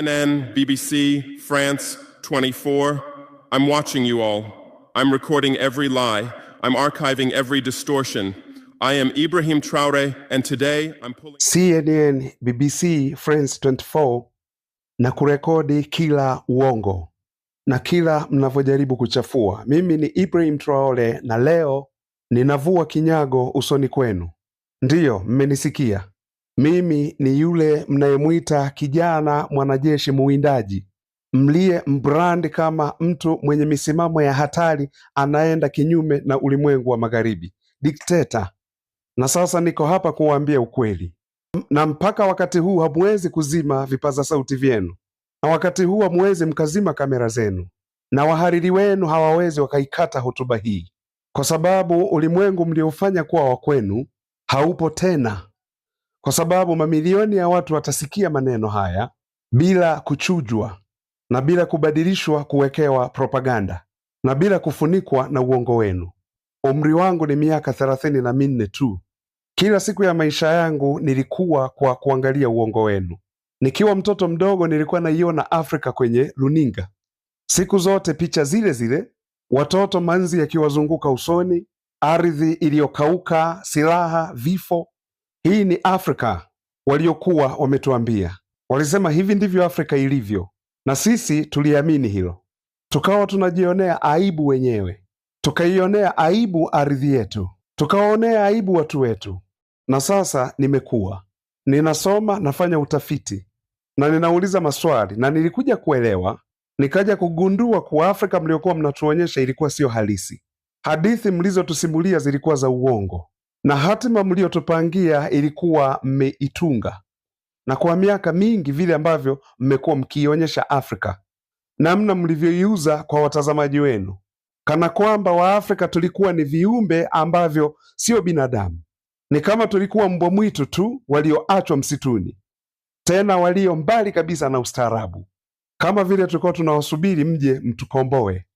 CNN, BBC, France 24. I'm watching you all. I'm recording every lie. I'm archiving every distortion. I am Ibrahim Traore and today I'm pulling... CNN, BBC, France 24 na kurekodi kila uongo na kila mnavyojaribu kuchafua. Mimi ni Ibrahim Traore na leo ninavua kinyago usoni kwenu. Ndiyo, mmenisikia. Mimi ni yule mnayemwita kijana mwanajeshi muwindaji, mliye mbrandi kama mtu mwenye misimamo ya hatari, anaenda kinyume na ulimwengu wa magharibi, dikteta. Na sasa niko hapa kuwaambia ukweli, na mpaka wakati huu hamuwezi kuzima vipaza sauti vyenu, na wakati huu hamuwezi mkazima kamera zenu, na wahariri wenu hawawezi wakaikata hotuba hii, kwa sababu ulimwengu mliofanya kuwa wa kwenu haupo tena kwa sababu mamilioni ya watu watasikia maneno haya bila kuchujwa na bila kubadilishwa kuwekewa propaganda na bila kufunikwa na uongo wenu. Umri wangu ni miaka thelathini na minne tu. Kila siku ya maisha yangu nilikuwa kwa kuangalia uongo wenu. Nikiwa mtoto mdogo nilikuwa naiona Afrika kwenye luninga, siku zote picha zile zile, watoto manzi yakiwazunguka usoni, ardhi iliyokauka, silaha, vifo, hii ni Afrika waliokuwa wametuambia. Walisema hivi ndivyo Afrika ilivyo, na sisi tuliamini hilo, tukawa tunajionea aibu wenyewe, tukaionea aibu ardhi yetu, tukawaonea aibu watu wetu. Na sasa nimekuwa ninasoma, nafanya utafiti na ninauliza maswali, na nilikuja kuelewa, nikaja kugundua kuwa Afrika mliokuwa mnatuonyesha ilikuwa siyo halisi. Hadithi mlizotusimulia zilikuwa za uongo na hatima mliyotupangia ilikuwa mmeitunga, na kwa miaka mingi vile ambavyo mmekuwa mkiionyesha Afrika, namna mlivyoiuza kwa watazamaji wenu, kana kwamba Waafrika tulikuwa ni viumbe ambavyo sio binadamu, ni kama tulikuwa mbwa mwitu tu walioachwa msituni, tena walio mbali kabisa na ustaarabu, kama vile tulikuwa tunawasubiri mje mtukomboe,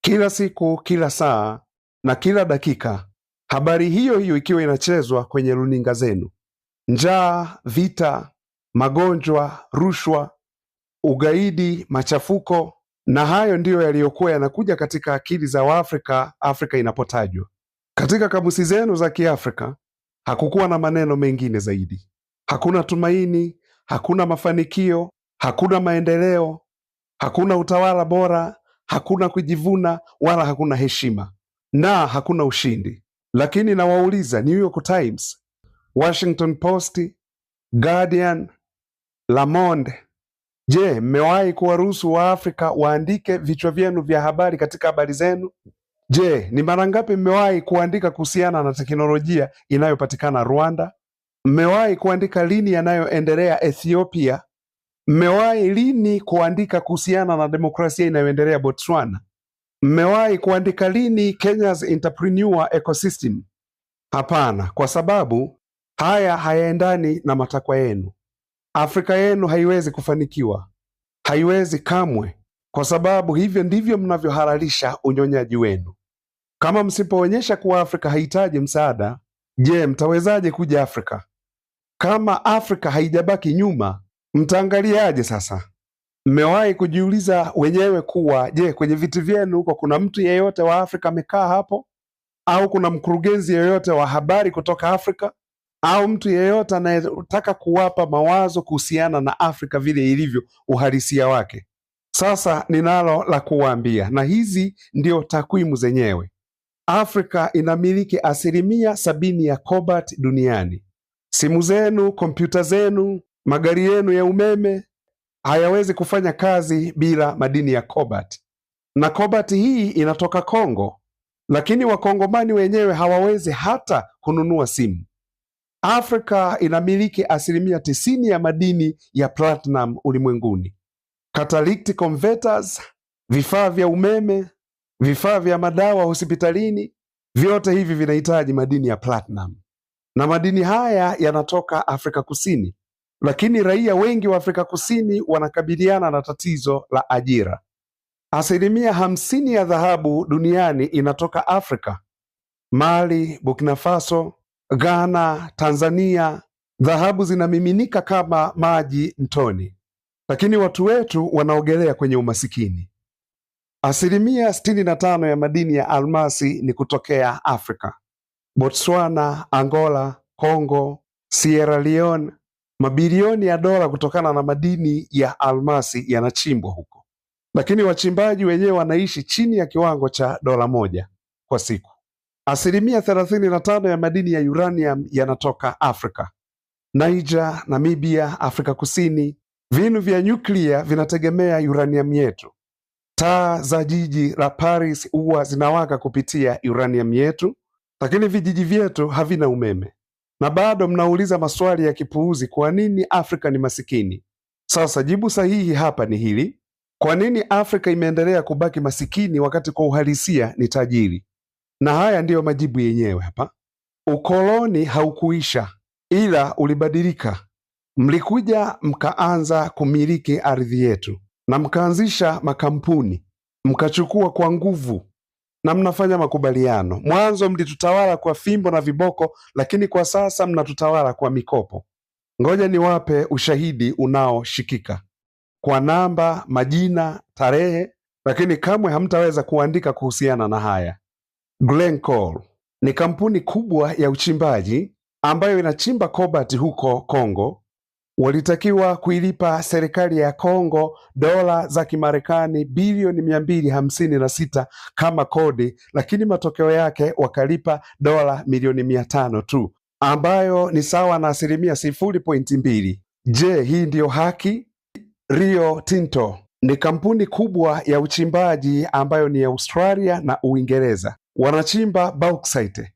kila siku, kila saa na kila dakika habari hiyo hiyo ikiwa inachezwa kwenye runinga zenu. Njaa, vita, magonjwa, rushwa, ugaidi, machafuko, na hayo ndiyo yaliyokuwa yanakuja katika akili za Waafrika Afrika inapotajwa. Katika kamusi zenu za Kiafrika hakukuwa na maneno mengine zaidi. Hakuna tumaini, hakuna mafanikio, hakuna maendeleo, hakuna utawala bora, hakuna kujivuna, wala hakuna heshima na hakuna ushindi lakini nawauliza New York Times, Washington Post, Guardian, Le Monde, je, mmewahi kuwaruhusu Waafrika waandike vichwa vyenu vya habari katika habari zenu? Je, ni mara ngapi mmewahi kuandika kuhusiana na teknolojia inayopatikana Rwanda? Mmewahi kuandika lini yanayoendelea Ethiopia? Mmewahi lini kuandika kuhusiana na demokrasia inayoendelea Botswana? Mmewahi kuandika lini Kenya's entrepreneur ecosystem? Hapana, kwa sababu haya hayaendani na matakwa yenu. Afrika yenu haiwezi kufanikiwa, haiwezi kamwe, kwa sababu hivyo ndivyo mnavyohalalisha unyonyaji wenu. Kama msipoonyesha kuwa Afrika haihitaji msaada, je, mtawezaje kuja Afrika? Kama Afrika haijabaki nyuma, mtaangaliaje sasa? Mmewahi kujiuliza wenyewe kuwa je, kwenye viti vyenu huko kuna mtu yeyote wa Afrika amekaa hapo, au kuna mkurugenzi yeyote wa habari kutoka Afrika au mtu yeyote anayetaka kuwapa mawazo kuhusiana na Afrika vile ilivyo uhalisia wake? Sasa ninalo la kuwaambia, na hizi ndio takwimu zenyewe. Afrika inamiliki asilimia sabini ya cobalt duniani. Simu zenu, kompyuta zenu, magari yenu ya umeme hayawezi kufanya kazi bila madini ya cobalt, na cobalt hii inatoka Kongo, lakini wakongomani wenyewe hawawezi hata kununua simu. Afrika inamiliki asilimia tisini ya madini ya platinum ulimwenguni. Catalytic converters, vifaa vya umeme, vifaa vya madawa hospitalini, vyote hivi vinahitaji madini ya platinum, na madini haya yanatoka Afrika Kusini lakini raia wengi wa Afrika Kusini wanakabiliana na tatizo la ajira. Asilimia hamsini ya dhahabu duniani inatoka Afrika. Mali, Burkina Faso, Ghana, Tanzania, dhahabu zinamiminika kama maji mtoni, lakini watu wetu wanaogelea kwenye umasikini. Asilimia sitini na tano ya madini ya almasi ni kutokea Afrika. Botswana, Angola, Congo, Sierra Leone, Mabilioni ya dola kutokana na madini ya almasi yanachimbwa huko, lakini wachimbaji wenyewe wanaishi chini ya kiwango cha dola moja kwa siku. Asilimia thelathini na tano ya madini ya uranium yanatoka Afrika, Niger, Namibia, Afrika Kusini. Vinu vya nyuklia vinategemea uranium yetu. Taa za jiji la Paris huwa zinawaka kupitia uranium yetu, lakini vijiji vyetu havina umeme na bado mnauliza maswali ya kipuuzi. Kwa nini Afrika ni masikini? Sasa jibu sahihi hapa ni hili: kwa nini Afrika imeendelea kubaki masikini wakati kwa uhalisia ni tajiri? Na haya ndiyo majibu yenyewe hapa. Ukoloni haukuisha, ila ulibadilika. Mlikuja mkaanza kumiliki ardhi yetu na mkaanzisha makampuni, mkachukua kwa nguvu na mnafanya makubaliano. Mwanzo mlitutawala kwa fimbo na viboko, lakini kwa sasa mnatutawala kwa mikopo. Ngoja niwape ushahidi unaoshikika kwa namba, majina, tarehe, lakini kamwe hamtaweza kuandika kuhusiana na haya. Glencore ni kampuni kubwa ya uchimbaji ambayo inachimba cobalt huko Kongo walitakiwa kuilipa serikali ya Kongo dola za Kimarekani bilioni mia mbili hamsini na sita kama kodi, lakini matokeo yake wakalipa dola milioni mia tano tu ambayo ni sawa na asilimia sifuri pointi mbili. Je, hii ndiyo haki? Rio Tinto ni kampuni kubwa ya uchimbaji ambayo ni Australia na Uingereza. Wanachimba bauxite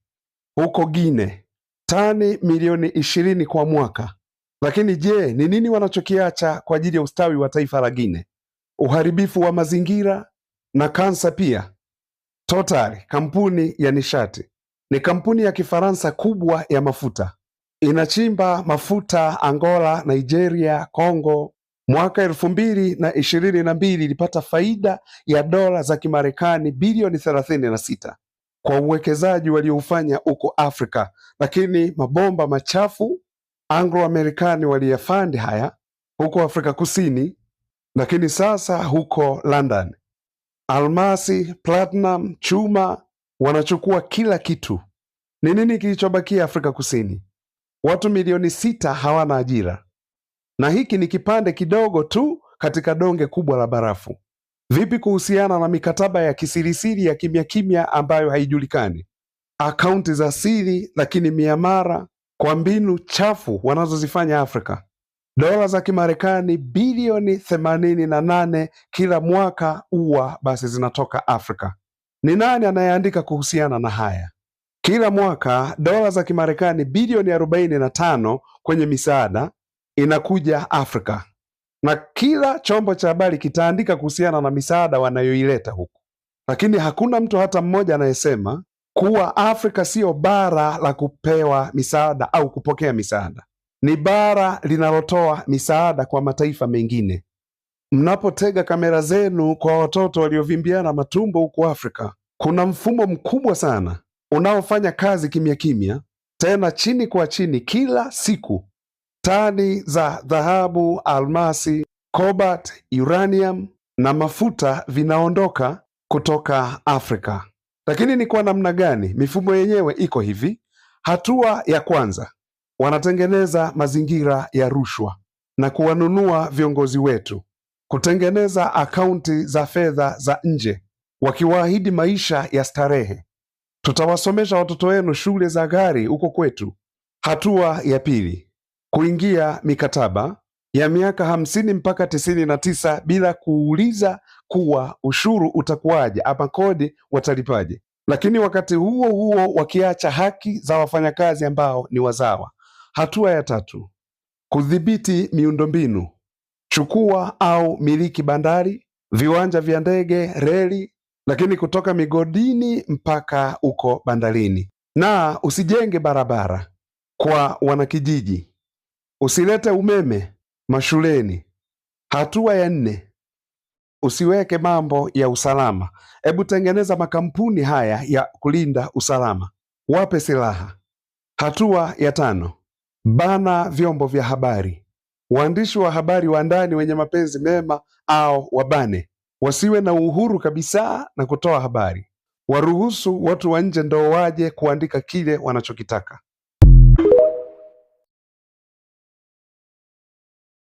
huko Guinea, tani milioni ishirini kwa mwaka lakini je, ni nini wanachokiacha kwa ajili ya ustawi wa taifa la Gine? Uharibifu wa mazingira na kansa pia. Total, kampuni ya nishati, ni kampuni ya Kifaransa kubwa ya mafuta, inachimba mafuta Angola, Nigeria, Congo. Mwaka elfu mbili na ishirini na mbili ilipata faida ya dola za Kimarekani bilioni thelathini na sita kwa uwekezaji walioufanya huko Afrika, lakini mabomba machafu Anglo-Amerikani waliyafandi haya huko Afrika Kusini, lakini sasa huko London almasi, platinum, chuma wanachukua kila kitu. Ni nini kilichobakia Afrika Kusini? Watu milioni sita hawana ajira, na hiki ni kipande kidogo tu katika donge kubwa la barafu. Vipi kuhusiana na mikataba ya kisirisiri ya kimya kimya ambayo haijulikani, akaunti za siri, lakini miamara kwa mbinu chafu wanazozifanya Afrika. Dola za Kimarekani bilioni themanini na nane kila mwaka huwa basi zinatoka Afrika. Ni nani anayeandika kuhusiana na haya? Kila mwaka dola za Kimarekani bilioni arobaini na tano kwenye misaada inakuja Afrika, na kila chombo cha habari kitaandika kuhusiana na misaada wanayoileta huku, lakini hakuna mtu hata mmoja anayesema kuwa Afrika siyo bara la kupewa misaada au kupokea misaada, ni bara linalotoa misaada kwa mataifa mengine. Mnapotega kamera zenu kwa watoto waliovimbiana matumbo huku Afrika, kuna mfumo mkubwa sana unaofanya kazi kimya kimya, tena chini kwa chini, kila siku. Tani za dhahabu, almasi, cobalt, uranium na mafuta vinaondoka kutoka Afrika. Lakini ni kwa namna gani? Mifumo yenyewe iko hivi. Hatua ya kwanza, wanatengeneza mazingira ya rushwa na kuwanunua viongozi wetu, kutengeneza akaunti za fedha za nje, wakiwaahidi maisha ya starehe. Tutawasomesha watoto wenu shule za gari huko kwetu. Hatua ya pili, kuingia mikataba ya miaka hamsini mpaka tisini na tisa bila kuuliza kuwa ushuru utakuwaje ama kodi watalipaje, lakini wakati huo huo wakiacha haki za wafanyakazi ambao ni wazawa. Hatua ya tatu, kudhibiti miundombinu: chukua au miliki bandari, viwanja vya ndege, reli, lakini kutoka migodini mpaka uko bandarini, na usijenge barabara kwa wanakijiji, usilete umeme mashuleni. Hatua ya nne usiweke mambo ya usalama. Hebu tengeneza makampuni haya ya kulinda usalama, wape silaha. Hatua ya tano, bana vyombo vya habari. Waandishi wa habari wa ndani wenye mapenzi mema au wabane, wasiwe na uhuru kabisa na kutoa habari, waruhusu watu wa nje ndo waje kuandika kile wanachokitaka.